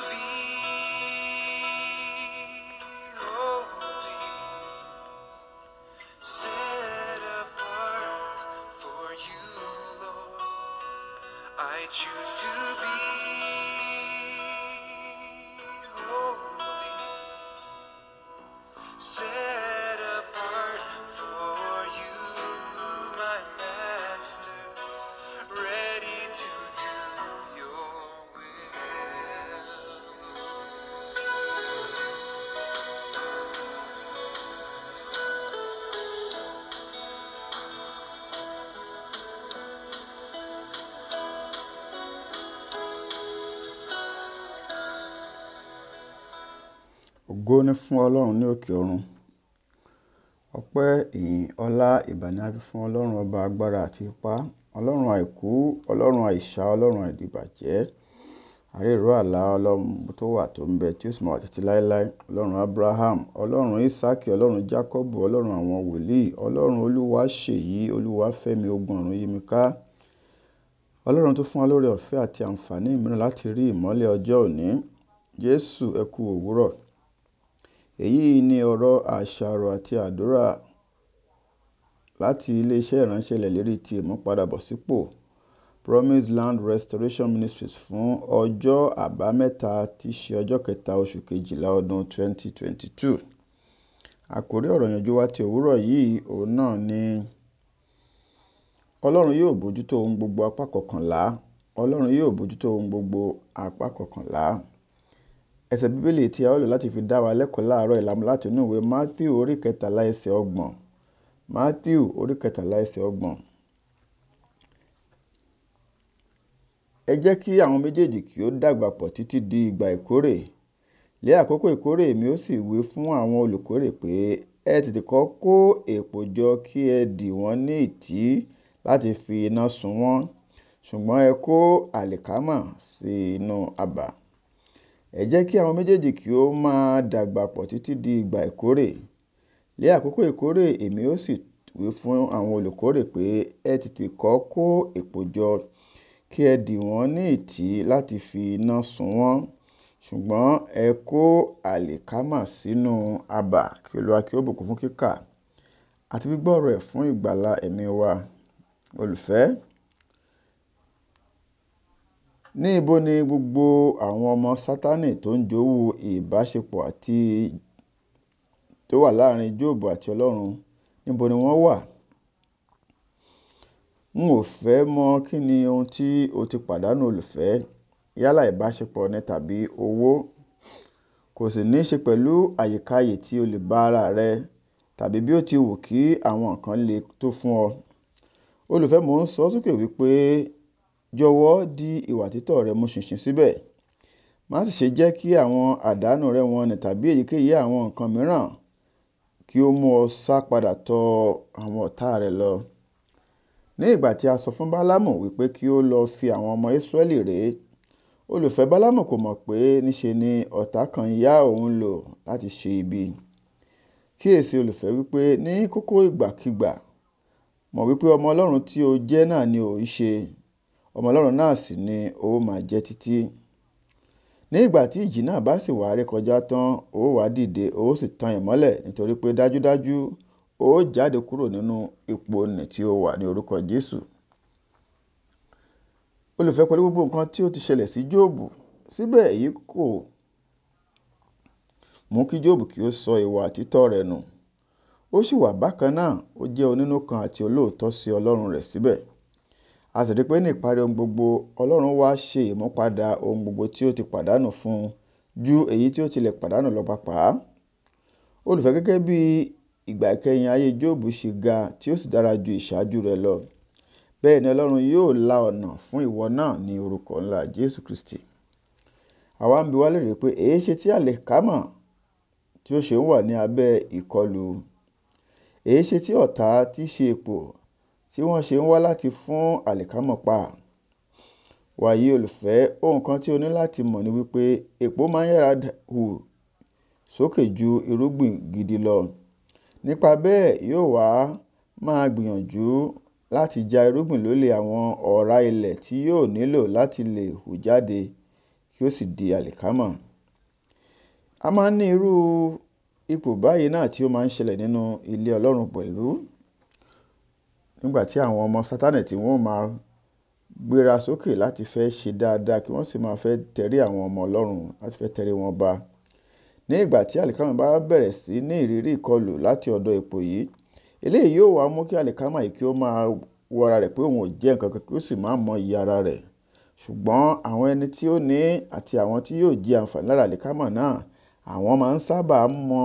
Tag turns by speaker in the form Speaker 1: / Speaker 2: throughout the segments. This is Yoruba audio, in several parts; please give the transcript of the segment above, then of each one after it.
Speaker 1: be
Speaker 2: Ògo fún Ọlọ́run ní òkè ọ̀run. Ọpẹ́ ìyìn ọlá ìbà fún Ọlọ́run ọba agbára àti ipa Ọlọ́run àìkú, Ọlọ́run àìsà, Ọlọ́run àìdìbàjẹ́, aríró àlá, Ọlọ́run tó wà tó ń bẹ tí ó Ọlọ́run Abraham, Ọlọ́run Isaac, Ọlọ́run Jacob, Ọlọ́run àwọn wòlíì, Ọlọ́run Olúwaṣèyí, ogun ọ̀run mi ká. Ọlọ́run tó fún wa èyí ni ọ̀rọ̀ àṣàrò àti àdúrà láti iléeṣẹ́ ìránṣẹ́ ìlérí ti ìmúpadàbọ̀sípò promise land restoration ministries fún ọjọ́ àbámẹ́ta tí í ṣe ọjọ́ kẹta oṣù kejìlá ọdún 2022 àkórí ọ̀rọ̀ yanjú wa ti òwúrọ̀ yìí òun náà ni ọlọ́run yóò bójútó ohun gbogbo apá kọkànlá ọlọ́run yóò bójútó ohun gbogbo apá kọkànlá ẹsẹ̀ bíbélì tí a ó lò láti fi dá wa lẹ́kọ̀ọ́ láàárọ̀ ìlàmú láti inú ìwé matthew orí kẹtàlá ẹsẹ̀ ọgbọ̀n matthew orí kẹtàlá ẹsẹ̀ ọgbọ̀n. ẹ jẹ́ kí àwọn méjèèjì kí ó dàgbà pọ̀ títí di ìgbà ìkórè lé àkókò ìkórè mi ó sì wí fún àwọn olùkórè pé ẹ tètè kọ́ kó èpò jọ kí ẹ dì wọ́n ní ìtí láti fi iná sun wọ́n ṣùgbọ́n ẹ kó àlìkámà sí inú abà Ẹ jẹ́ kí àwọn méjèèjì kí ó máa dàgbà pọ̀ títí di ìgbà ìkórè. Ní àkókò ìkórè èmi ó sì wí fún àwọn olùkórè pé ẹ tètè kọ́ kó èpò jọ kí ẹ dì wọ́n ní ìtí láti fi iná sun wọ́n. Ṣùgbọ́n ẹ kó àlìkámà sínú abà kí Olúwa kí ó bùkún fún kíkà àti gbígbọ́ rẹ̀ fún ìgbàlà ẹ̀mí wa. Olùfẹ́ ní ibo ni gbogbo àwọn ọmọ sátánì tó ń jowú ìbáṣepọ̀ tó wà láàrin jóòbù àti ọlọ́run níbo ni wọ́n wà n ò fẹ́ mọ̀ kí ni ohun tí o ti pàdánù olùfẹ́ yálà ìbáṣepọ̀ ni tàbí owó kò sì ní í ṣe pẹ̀lú àyíkáyè tí o lè bá ara rẹ tàbí bí ó ti wù kí àwọn nǹkan le tó fún ọ olùfẹ́ mò ń sọ sókè wípé jọ̀wọ́ di ìwà títọ́ rẹ mú ṣinṣin síbẹ̀ má sì ṣe jẹ́ kí àwọn àdánù rẹ wọ̀nnì tàbí èyíkéyìí àwọn nǹkan mìíràn kí ó mú ọ sá padà tọ àwọn ọ̀tá rẹ lọ ní ìgbà tí a sọ fún bálámù wípé kí ó lọ fi àwọn ọmọ ísírẹ́lì rèé olùfẹ́ bálámù kò mọ̀ pé níṣe ni ọ̀tá kan yá òun lò láti ṣe ibi kíyèsí olùfẹ́ wípé ní kókó ìgbàkigbà mọ̀ wípé ọmọ ọlọ́run tí o jẹ́ náà ni ò ń ṣe ọmọ ọlọ́run náà sì ni ó máa jẹ́ títí. ní ìgbà tí ìjì náà bá sì wá rékọjá tán ó wá dìde ó sì tan ìmọ́lẹ̀ nítorí pé dájúdájú ó jáde kúrò nínú ipò nì tí ó wà ní orúkọ jésù olùfẹ́ pẹ̀lú gbogbo nǹkan tí ó ti ṣẹlẹ̀ sí jóòbù síbẹ̀ èyí kò mú kí jóòbù kí ó sọ ìwà àtítọ́ rẹ̀ nù ó sì wà bákan náà ó jẹ́ onínú kan àti olóòótọ́ sí ọlọ́run rẹ̀ síbẹ̀ a sì rí pé ní ìparí ohun gbogbo Ọlọ́run wá ṣe ìmúpadà ohun gbogbo tí ó ti pàdánù fún un ju èyí tí ó tilẹ̀ pàdánù lọ pàápàá. Olùfẹ́ gẹ́gẹ́ bí ìgbà ìkẹyìn ayé Jóòbù ṣe ga tí ó sì dára ju ìṣáájú rẹ̀ lọ, bẹ́ẹ̀ ni Ọlọ́run yóò la ọ̀nà fún ìwọ náà ní orúkọ ńlá Jésù Kristi. Àwa ń bi wá lérè pé èéṣe tí àlìkámà tí ó ṣe ń wà ní abẹ́ ìkọlù? Èéṣe tí ọ̀tá tí ṣe epo tí wọ́n ṣe ń wá láti fún àlìkámà pa. Wàyí olùfẹ́, ohun kan tí o ní láti mọ̀ ni wípé epo máa ń yára hù sókè ju irúgbìn gidi lọ. Nípa bẹ́ẹ̀, yóò wá máa gbìyànjú láti ja irúgbìn lólè àwọn ọ̀rá ilẹ̀ tí yóò nílò láti lè hù jáde kí ó sì di àlìkámà. A máa ń ní irú ipò báyìí náà tí ó máa ń ṣẹlẹ̀ nínú ilé Ọlọ́run pẹ̀lú nígbà tí àwọn ọmọ Sátánì tí wọ́n máa gbéra sókè láti fẹ́ ṣe dáadáa kí wọ́n sì máa fẹ́ tẹrí àwọn ọmọ Ọlọ́run láti fẹ́ tẹrí wọn ba. Ní ìgbà tí àlìkámà bá bẹ̀rẹ̀ sí ní ìrírí ìkọlù láti ọ̀dọ̀ ipò yìí, eléyìí yóò wá mú kí àlìkámà yìí kí ó máa wo ara rẹ̀ pé òun ò jẹ́ nǹkan kan kí ó sì máa mọ iyì ara rẹ̀. Ṣùgbọ́n àwọn ẹni tí ó ní àti àwọn tí yóò jẹ àǹfààní lára àlìkámà náà, àwọn máa ń sábà mọ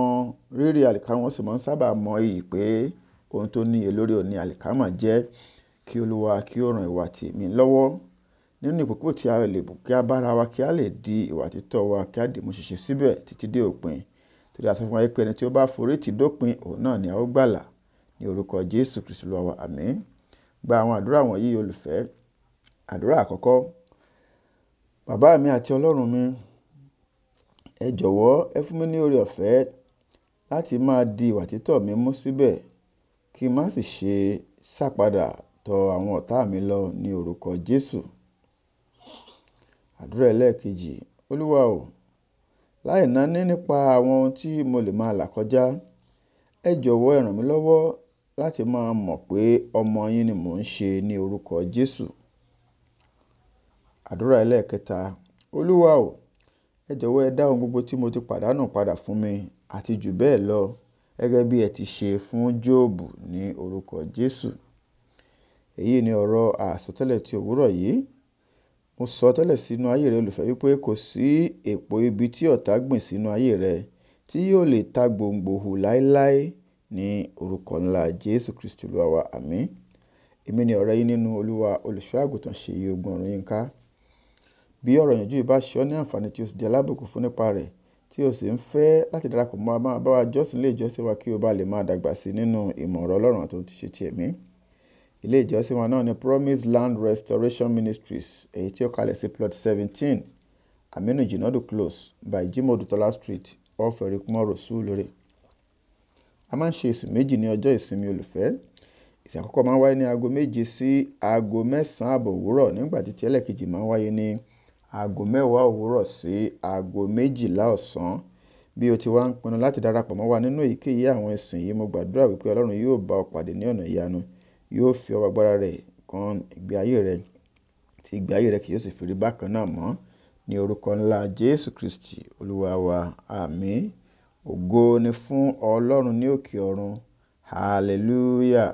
Speaker 2: rírì àlìkámà wọ́n sì máa ń sábà mọ iyì pé Ohun tó níye lórí òní àlìkámà jẹ́ kí Olúwa kí ó ran ìwà tí èmi lọ́wọ́. Nínú ìkókó tí a lè bù kí a bá wa kí a lè di ìwà títọ́ wa kí a dì mú ṣinṣin síbẹ̀ títí dé òpin. Torí a sọ fún ẹni tí ó bá forí tì dópin, òun náà ni a ó gbàlà. Ní orúkọ Jésù Kristi Olúwa wa, àmín. Gba àwọn àdúrà wọ̀nyí olùfẹ́. Àdúrà àkọ́kọ́. Bàbá mi àti Ọlọ́run mi, ẹ jọ̀wọ́ ẹ fún mi ní oore ọ̀fẹ́ láti máa di ìwà títọ́ mi mú síbẹ̀ kí n má sì ṣe ṣàpadà tọ àwọn ọ̀tá mi lọ ní orúkọ Jésù. Àdúrà ẹlẹ́ẹ̀kejì, Olúwa o, láì náání nípa àwọn ohun tí mo lè máa là kọjá, ẹ jọ̀wọ́ ẹ ràn mí lọ́wọ́ láti máa mọ̀ pé ọmọ yín ni mò ń ṣe ní orúkọ Jésù. Àdúrà ẹlẹ́ẹ̀kẹta, Olúwa o, ẹ jọ̀wọ́ ẹ dá ohun gbogbo tí mo ti pàdánù padà fún mi àti jù bẹ́ẹ̀ lọ gẹ́gẹ́ bí ẹ ti ṣe fún Jóòbù ní orúkọ Jésù. Èyí ni ọ̀rọ̀ àsọtẹ́lẹ̀ ti òwúrọ̀ yìí. Mo sọ tẹ́lẹ̀ sínú ayé rẹ olùfẹ́ wípé kò sí èpo ibi tí ọ̀tá gbìn sínú ayé rẹ tí yóò lè ta gbòǹgbò hù láéláé ní orúkọ ńlá Jésù Kristi Olúwa wa. Àmín. Èmi ni ọ̀rẹ́ yín nínú Olúwa olùṣọ́ àgùntàn Ṣèyí Ogun Ọ̀run Yínká. Bí ọ̀rọ̀ ìyànjú yìí bá ní àǹfààní tí o sì di alábùkún fún nípa rẹ̀, tí o sì ń fẹ́ láti darapọ̀ mọ́ wa máa bá wa jọ́sìn ilé ìjọsìn wa kí o bá lè máa dàgbà sí nínú ìmọ̀ ọ̀rọ̀ Ọlọ́run àti ohun tí ṣe ti ẹ̀mí. Ilé ìjọsìn wa náà ni Promise Land Restoration Ministries èyí tí ó kalẹ̀ sí plot seventeen Aminu Jinadu Close by Jimo Dutola Street off Erikumọ Road Surulere. A máa ń ṣe ìsìn méjì ní ọjọ́ ìsinmi olùfẹ́. Ìsìn àkọ́kọ́ máa ń wáyé ní aago méje sí aago mẹ́sàn-án àbọ̀ òwúrọ̀ nígbà tí ti ẹlẹ́ẹ̀kejì máa ń wáyé ní aago mẹ́wàá òwúrọ̀ sí aago méjìlá ọ̀sán. Bí o ti wá ń pinnu láti darapọ̀ mọ́ wa nínú èyíkéyìí àwọn ẹ̀sìn yìí, mo gbàdúrà wípé Ọlọ́run yóò bá ọ pàdé ní ọ̀nà ìyanu, yóò fi ọwọ́ agbára rẹ̀ kan ìgbé ayé rẹ, tí ìgbé ayé rẹ kì yóò sì fi rí bákan náà mọ́. Ni orúkọ ńlá Jésù Kristi Olúwa wa. Àmín. Ògo ni fún Ọlọ́run ní òkè ọ̀run. Hallelujah.